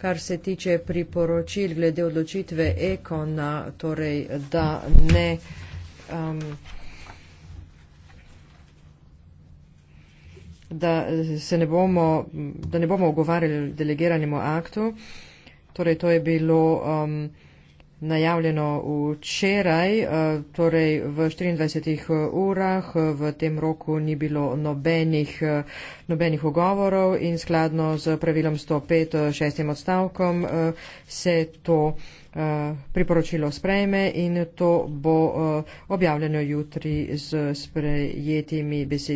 kar se tiče priporočil glede odločitve ekona, torej, da ne um, da se ne bomo, da ne bomo ogovarjali delegiranemu aktu. Torej, to je bilo um, najavljeno včeraj, eh, torej v 24 eh, urah eh, v tem roku ni bilo nobenih, nobenih ogovorov in skladno z pravilom 105 šestim odstavkom se to priporočilo sprejme in to bo objavljeno jutri z sprejetimi besedami.